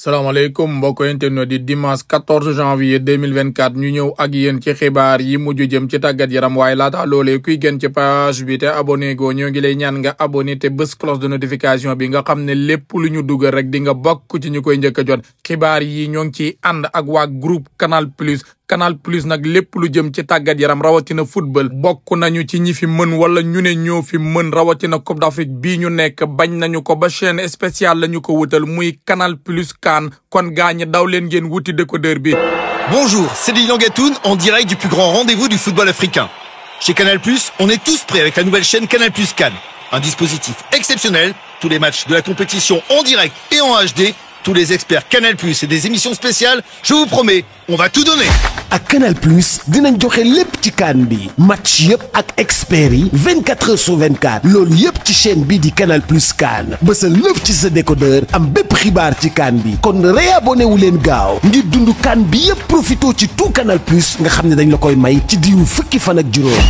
salaamaaleykum mbokk internet di dimanche 14 janvier 2024 ñu ñëw ak yéen ci xibaar yi mujj jëm ci tàggat yaram waaye laata loolee kuy gën ci page bi te abonné go ñoo ngi lay ñaan nga abonné te bés cloche de notification bi nga xam ne lépp lu ñu dugal rek di nga bokk ci ñu koy njëkk a jot xibaar yi ñoo ngi ciy ànd ak waa groupe Canal Plus Canal Plus nag lépp lu jëm ci tàggat yaram rawatina football bokk nañu ci ñi fi mën wala ñu ne ñoo fi mën rawatina Coupe d'Afrique bii ñu nekk bañ nañu ko ba chaîne spéciale la ñu ko wutal muy Canal Plus CAN kon gaañi daw leen ngeen wuti décodeur bi. Bonjour, c'est Lilian Gatoun en direct du plus grand rendez-vous du football africain. Chez Canal+, on est tous prêts avec la nouvelle chaîne Canal+ CAN, un dispositif exceptionnel, tous les matchs tous les experts Canal Plus et des émissions spéciales je vous promets on va tout donner. ak Canal Plus dinañ joxe lépp ci kan bi match yëpp ak experts yi 24 heures sur 24 loolu yëpp ci chaîne bi di Canal Plus kan ba sa lëf ci sa décodeur am bépp xibaar ci kan bi kon réabonné wu leen gaaw ngir dund kan bi yëpp profito ci tout Canal Plus nga xam ne dañu la koy may ci diiru fukki fan ak juróom.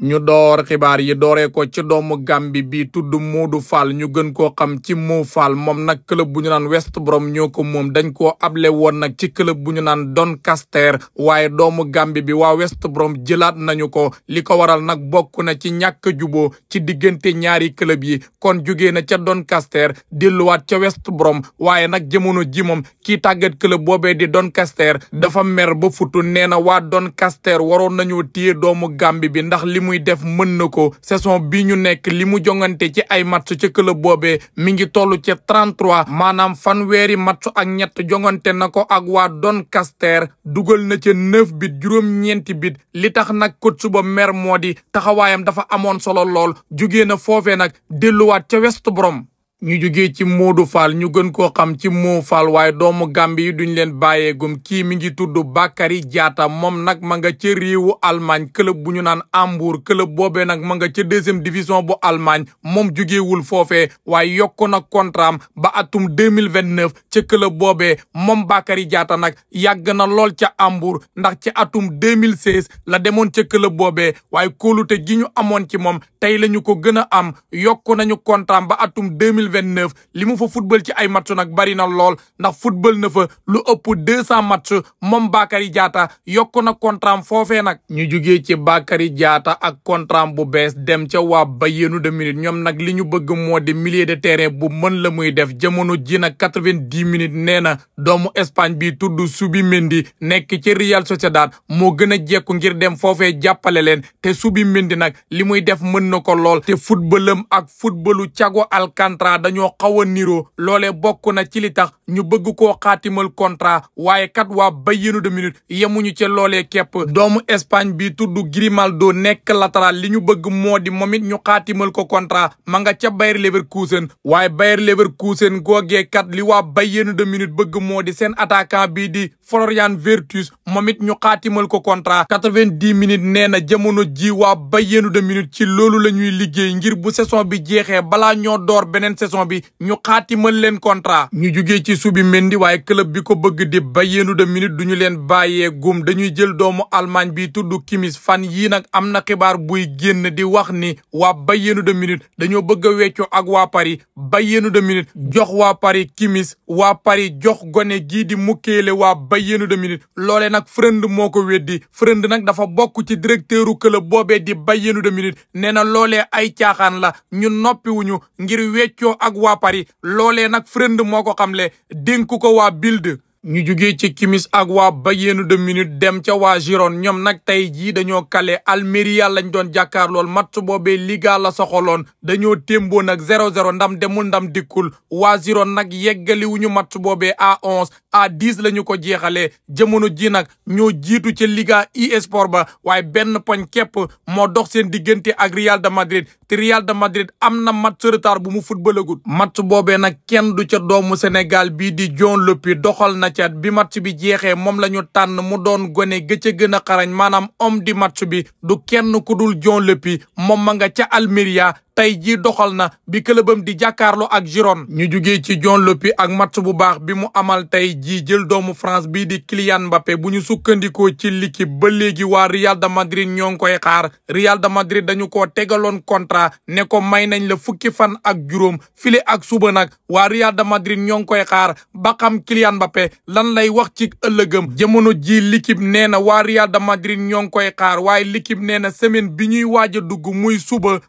ñu door xibaar yi dooree ko ci doomu Gàmbi bi tudd du Fall ñu gën koo xam ci mu Fall moom nag club bu ñu naan West Brom ñoo ko moom dañ koo able woon nag ci club bu ñu naan Doncaster waaye doomu Gàmbi bi waa West Brom jëlaat nañu ko li ko waral nag bokk na ci ñàkk juboo ci diggante ñaari club yi kon jugee na ca Doncaster delluwaat ca West Brom waaye nag jamono ji moom kii tàggat club boobee di Doncaster dafa mer ba futu nee na waa Doncaster waroon nañoo téye doomu Gàmbi bi muy def mën na ko saison bi ñu nekk li mu jongante ci ay match ca club boobee mi ngi toll ci 33 maanaam fanweeri match ak ñett jongante na ko ak waa Doncaster dugal na ca neuf bit juróom-ñeenti bit li tax nag coach ba mer moo di taxawaayam dafa amoon solo lool jugee na foofee nag delluwaat ca West Brom ñu jógee ci Modou Fall ñu gën koo xam ci Mo Fall waaye doomu Gàmbi yi duñ leen bàyyeegum kii mi ngi tudd Bakary Diatta moom nag ma nga ca réewu Allemagne club bu ñu naan Hambourg club boobee nag ma nga ca deuxième division bu Allemagne moom jógeewul foofe waaye yokku na contraam ba atum deux mille vingt neuf ca club boobee moom Bakary jaata nag yàgg na lool ca Hambourg ndax ci atum deux mille seize la demoon ca club boobee waaye kóolute gi ñu amoon ci moom tey la ñu ko gën a am yokku nañu contraam ba atum deux mille vingt neuf li mu fa football ci ay match nag bari na lool ndax football na fa lu ëpp deux cent match moom Bakary Diatta yokk na contrat foofee nag ñu jugee ci Bakary Diatta ak contrat bu bees dem ca waa Bayern de Munich ñoom nag li ñu bëgg moo di milieu de terrain bu mën la muy def jamono ji nag quatre-vingt-dix minutes nee na doomu Espagne bi tudd Zubimendi nekk ci Real Sociedad moo gën a jekku ngir dem foofee jàppale leen te Zubimendi nag li muy def mën na ko lool te dañoo xaw a loole bokk na ci li tax ñu bëgg koo xaatimal contrat waaye kat waa Bayern de Munich yemuñu ci loole képp doomu Espagne bi tudd Grimaldo nekk latéral li ñu bëgg moo di moom it ñu xaatimal ko contrat ma nga ca Bayer Leverkusen waaye Bayer Leverkusen googee kat li waa Bayern de Munich bëgg moo di seen attaquant bii di Florian Wirtz moom it ñu xaatimal ko contrat quatre-vingt-dix minutes nee na jamono ji waa Bayern de Munich ci loolu la ñuy liggéey ngir bu saison bi jeexee balaa ñoo saison bi ñu xaatimal leen contrat ñu jugee ci subi mendi waaye club bi ko bëgg di Bayern de Munich duñu leen bàyyee gum dañuy jël doomu almaañ bi tudd Kimmich fan yii nag am na xibaar buy génn di wax ni waa Bayern de Munich dañoo bëgg a weccoo ak waa Paris Bayern de Munich jox waa pari kimis waa Paris jox gone gii di Mukiele waa Bayern de Munich loole nag Freund moo ko weddi Freund nag dafa bokk ci directeuru club boobee di Bayern de Munich nee na loolee ay caaxaan la ñu noppiwuñu ak waa Paris loolee nag Friend moo ko xamle dénk ko waa Bild ñu jugee ci Kimis ak waa Bayern de Munich dem ca waa Girone ñoom nag tey jii dañoo kale Almeria lañ doon jàkkaarlool match boobee Liga la soxaloon dañoo témboon ak 0-0 ndam demul ndam dikkul waa Girone nag yeggali wuñu match boobee à 11 à 10 la ñu ko jeexalee jamono ji nag ñoo jiitu ca Liga e-sport ba waaye benn poñ képp moo dox seen diggante ak Real de Madrid te Real de Madrid am na match retard bu mu footballagul match boobee nag kenn du ca doomu Sénégal bii di Dion Lopy doxal na ca bi match bi jeexee moom la ñu tànn mu doon gone gëcc gën a xarañ maanaam homme di match bi du kenn ku dul Dion Lopy moom ma nga ca Almeria tey jii doxal na bi këlëbam di jàkkaarloo ak Girone ñu jugee ci John Lopy ak match bu baax bi mu amal tey jii jël doomu France bii di Kylian Mbappé bu ñu sukkandikoo ci liki ba léegi waa Real de Madrid ñoo ngi koy xaar Real de Madrid dañu ko tegaloon contrat ne ko may nañ la fukki fan ak juróom file ak suba nag waa Real de Madrid ñoo ngi koy xaar ba xam Kylian Mbappé lan lay wax ci ëllëgëm jamono ji l'équipe nee na waa Real de Madrid ñoo koy xaar waaye l'équipe nee na semaine bi ñuy waaj a muy suba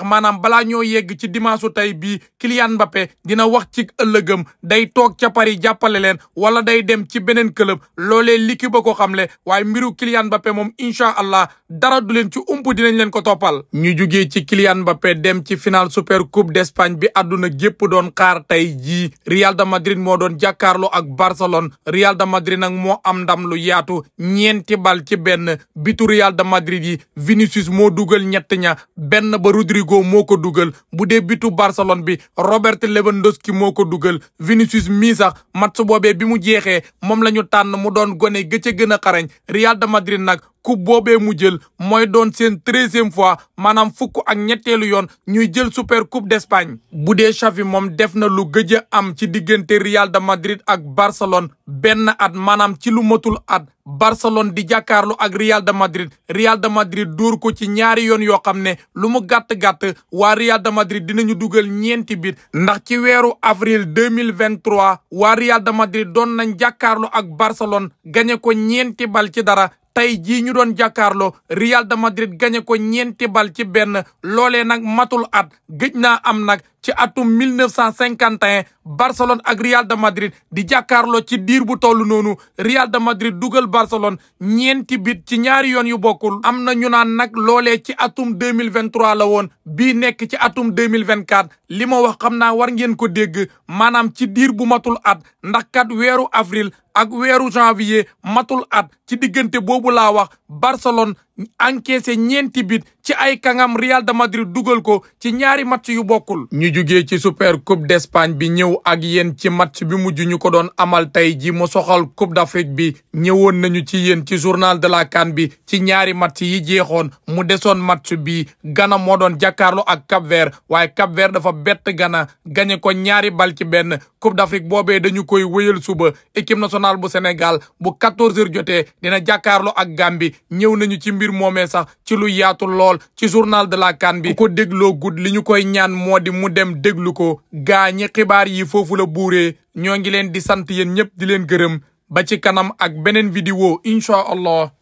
Cheikh maanaam balaa ñoo yegg ci dimanche su tey bii Kylian Mbappé dina wax ci ëllëgëm day toog ca Paris jàppale leen wala day dem ci beneen club loole liki ba ko xamle waaye mbiru Kylian Mbappé moom incha allah dara du leen ci ump dinañ leen ko toppal. ñu jugee ci Kylian Mbappé dem ci final super coupe d'Espagne bi àdduna gépp doon xaar tey jii Real de Madrid moo doon jàkkaarloo ak Barcelone Real de Madrid nag moo am ndam lu yaatu ñeenti bal ci benn bitu Real de Madrid yi Vinicius moo dugal ñett ña benn ba Rodrigo Rodrigo moo ko dugal bu dee bitu Barcelone bi Robert Lewandowski moo ko dugal Vinicius mii sax mat boobee bi mu jeexee moom la ñu tànn mu doon gone gëcc gën a xarañ Real de Madrid nag coupe boobee mu jël mooy doon seen treizième fois maanaam fukk ak ñetteelu yoon ñuy jël super coupe d'Espagne bu dee Xavi moom def na lu gëj am ci diggante Real de Madrid ak Barcelone benn at maanaam ci lu matul at Barcelone di jàkkaarloo ak Real de Madrid Real de Madrid duur ko ci ñaari yoon yoo xam ne lu mu gàtt-gàtt waa Real de Madrid dinañu dugal ñeenti bit ndax ci weeru avril 2023 waa Real de Madrid doon nañ jàkkaarloo ak Barcelone gañe ko ñeenti bal ci dara tey jii ñu doon jàkkaarloo riyal de Madrid gagné ko ñeenti bal ci benn loolee nag matul at gëj naa am nag ci atum 1951 Barcelone ak Real de Madrid di jàkkaarloo ci diir bu toll noonu Real de Madrid dugal Barcelone ñeenti bit ci ñaari yoon yu bokkul. am na ñu naan nag loole ci atum 2023 la woon bii nekk ci atum 2024 li ma wax xam naa war ngeen ko dégg maanaam ci diir bu matul at ndax kat weeru avril ak weeru janvier matul at ci diggante boobu laa wax Barcelone. encaissé ñeenti bit ci ay kangam Real de Madrid dugal ko ci ñaari match yu bokkul. ñu jugee ci super coupe d'Espagne bi ñëw ak yéen ci match bi mujj ñu ko doon amal tey ji mu soxal coupe d'Afrique bi ñëwoon nañu ci yéen ci journal de la CAN bi ci ñaari match yi jeexoon mu desoon match bi Ghana moo doon jàkkaarloo ak Cap-Vert waaye Cap-Vert dafa bett gana gagné ko ñaari bal ci benn coupe d'Afrique boobee dañu koy wéyal suba équipe nationale bu Sénégal bu 14h jotee dina jàkkaarloo ak Gambie ñëw mbir moomee sax ci lu yaatu lool ci journal de la CAN bi ko dégloo gudd li ñu koy ñaan moo di mu dem déglu ko gaa ñi xibaar yi foofu la buuree ñoo ngi leen di sant yéen ñëpp di leen gërëm ba ci kanam ak beneen vidéo incha allah